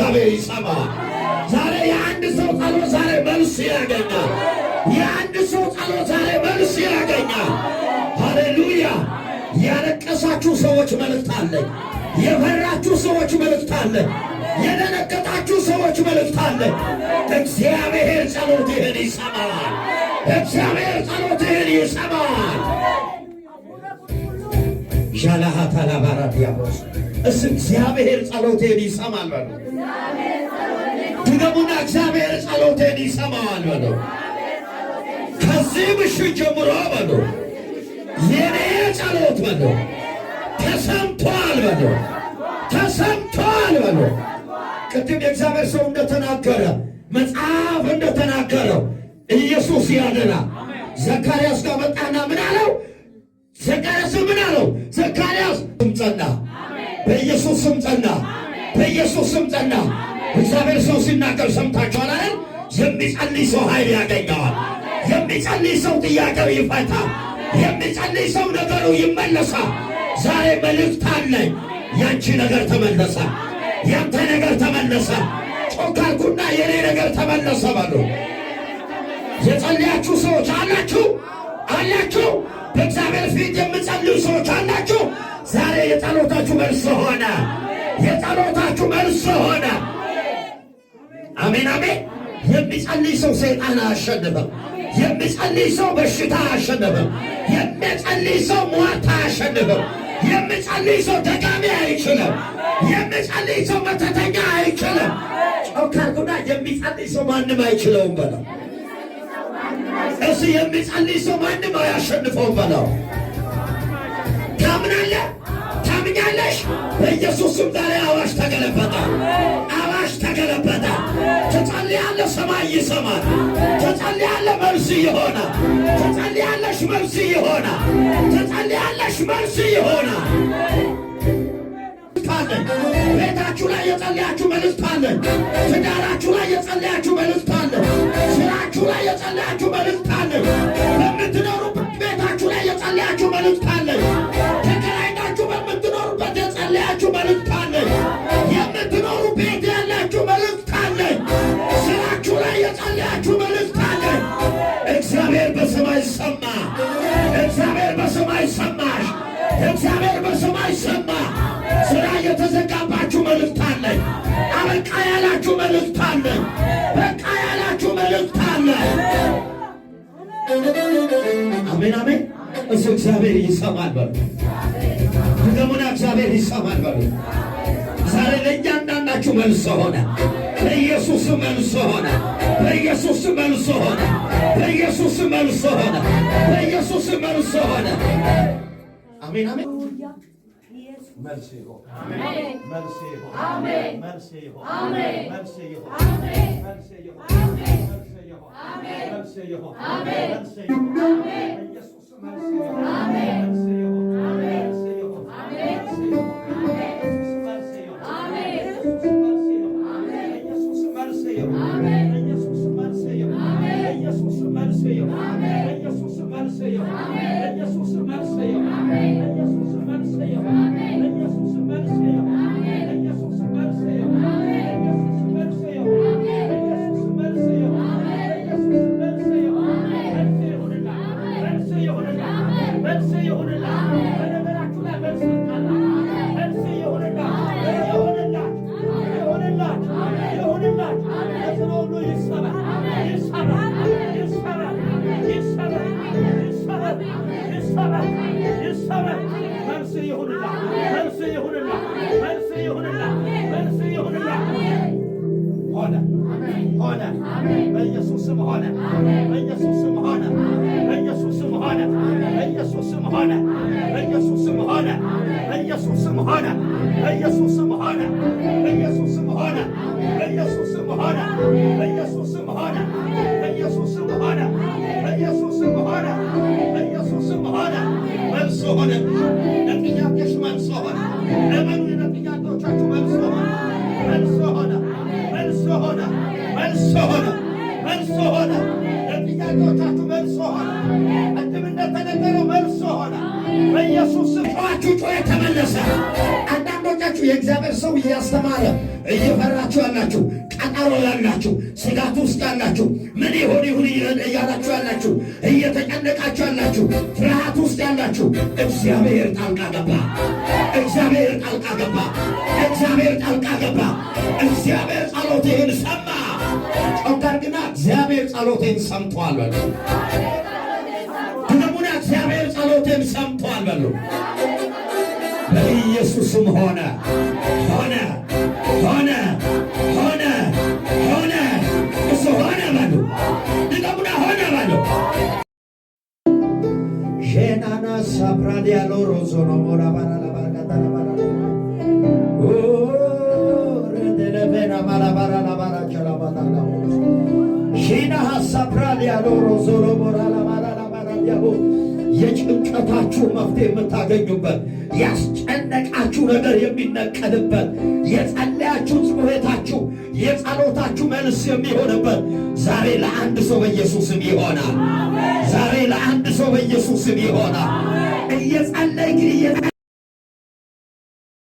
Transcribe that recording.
እግዚአብሔር ይሰማ። ዛሬ የአንድ ሰው ጸሎት ዛሬ መልስ ያገኛል። የአንድ ሰው ጸሎት ዛሬ መልስ ያገኛል። ሃሌሉያ! ያለቀሳችሁ ሰዎች መልእክት አለኝ። የፈራችሁ ሰዎች መልእክት አለኝ። የደነገጣችሁ ሰዎች መልእክት አለኝ። እግዚአብሔር ጸሎትህን ይሰማል። እግዚአብሔር ጸሎትህን ይሰማል። ሻላሃ ታላባራ ዲያብሎስ እስ እግዚአብሔር ጸሎቴን ይሰማል በሉ ድገሙና እግዚአብሔር ጸሎቴን ይሰማዋል በሉ። ከዚህ ምሽት ጀምሮ በሉ የኔ ጸሎት በሉ ተሰምቷል በሉ ተሰምቷል በሉ። ቅድም የእግዚአብሔር ሰው እንደተናገረ መጽሐፍ እንደተናገረው ኢየሱስ ያድና ዘካርያስ ጋር መጣና ምን አለው? ዘካርያስ ምን አለው? ዘካርያስ ስም ጸና፣ በኢየሱስ ስም ጸና፣ በኢየሱስ ስም ጸና እግዚአብሔር ሰው ሲናገር ሰምታችኋል አይደል? የሚጸልይ ሰው ኃይል ያገኘዋል። የሚጸልይ ሰው ጥያቄው ይፈታ የሚጸልይ ሰው ነገሩ ይመለሳል። ዛሬ መልእክት አለኝ። ያንቺ ነገር ተመለሰ፣ ያንተ ነገር ተመለሰ። ጮካልኩና የኔ ነገር ተመለሰ በሉ። የጸልያችሁ ሰዎች አላችሁ አላችሁ። በእግዚአብሔር ፊት የምጸልዩ ሰዎች አላችሁ። ዛሬ የጸሎታችሁ መልስ ሆነ። የጸሎታችሁ መልስ ሆነ። አሜን አሜን። የሚጸልይ ሰው ሰይጣን አያሸንፍም። የሚጸልይ ሰው በሽታ አያሸንፍም። የሚጸልይ ሰው ሟርት አያሸንፍም። የሚጸልይ ሰው ደጋሚ አይችልም። የሚጸልይ ሰው መተተኛ አይችልም። ጨውካርጉና የሚጸልይ ሰው ማንም አይችለውም በለው። እሱ የሚጸልይ ሰው ማንም አያሸንፈውም በለው። ታምናለህ? ታምኛለሽ? በኢየሱስም ዛሬ አዋሽ ተገለበጠ። አዋሽ ተገለበጠ። ተጸልያለ፣ ሰማይ ይሰማል። ተጸልያለ፣ መልስ ይሆናል። ተጸልያለሽ፣ መልስ ይሆናል። ተጸልያለሽ፣ መልስ ይሆናል። ቤታችሁ ላይ የጸለያችሁ መልእክት አለ። ትዳራችሁ ላይ የጸለያችሁ መልእክት አለ። ስራችሁ ላይ የጸለያችሁ መልእክት መልእክት አለ። አበቃ ያላችሁ መልእክት አለ። በቃ ያላችሁ መልእክት አለ። አሜን አሜን። እሱ እግዚአብሔር ይሰማል በሉ ደግሞና እግዚአብሔር ይሰማል በሉ። ዛሬ ለእያንዳንዳችሁ መልሶ ሆነ። በኢየሱስ መልሶ ሆነ። በኢየሱስ መልሶ ሆነ። በኢየሱስ መልሶ ሆነ። በኢየሱስ መልሶ ሆነ። አሜን አሜን። መልስ ይሆን መልስ ይሆን መልስ ይሆን መልስ ይሆን መልስ ይሆን መልስ ይሆን ኢየሱስ መልስ መልስ ይሁንላ። በነገራችሁ ላይ መልስ ይጣላ። መልስ ይሁንላ፣ ይሁንላ፣ ሆነ ሆነ፣ ሆነ፣ በኢየሱስ ሆነ፣ በኢየሱስ ሆነ። በኢየሱስም ሆነ በኢየሱስም ሆነ በኢየሱስም ሆነ በኢየሱስም ሆነ በኢየሱስም ሆነ በኢየሱስም ሆነ በኢየሱስ ጩኸታችሁ ጮኸ ተመለሰ። አንዳንዶቻችሁ የእግዚአብሔር ሰው እያስተማረ እየፈራችሁ ያላችሁ ቀጠሮ ያላችሁ ስጋት ውስጥ ያላችሁ ምን ይሁን ይሁን እያላችሁ ያላችሁ እየተጨነቃችሁ ያላችሁ ፍርሃት ውስጥ ያላችሁ እግዚአብሔር ጣልቃ ገባ። እግዚአብሔር ጣልቃ ገባ። እግዚአብሔር ጣልቃ ገባ። እግዚአብሔር ጸሎትህን ሰማ። ጨውታር ግና እግዚአብሔር ጸሎትህን ሰምቷል። ድምሙና እግዚአብሔር ወንድም ሰምቷል በሉ። በኢየሱስም ሆነ ሆነ ሆነ ሆነ ሆነ እሱ ሆነ በሉ። ንቀሙና ሆነ በሉ። ሼናና ሳፕራድ ያለው ሮዞ ነው ሞራ ባራላ ባርጋታ ባራ ረደለቤና ማራ ባራላ ባራ ቸላባታ ሼና ሀሳፕራድ ያለው ሮዞ ነው ሞራ ላባራ ላባራ ያቦ የጭንቀታችሁ መፍትሄ የምታገኙበት፣ ያስጨነቃችሁ ነገር የሚነቀልበት፣ የጸለያችሁ ጽሁቤታችሁ የጸሎታችሁ መልስ የሚሆንበት ዛሬ ለአንድ ሰው በኢየሱስም ይሆናል። ዛሬ ለአንድ ሰው በኢየሱስም ይሆናል። እየጸለይ ግን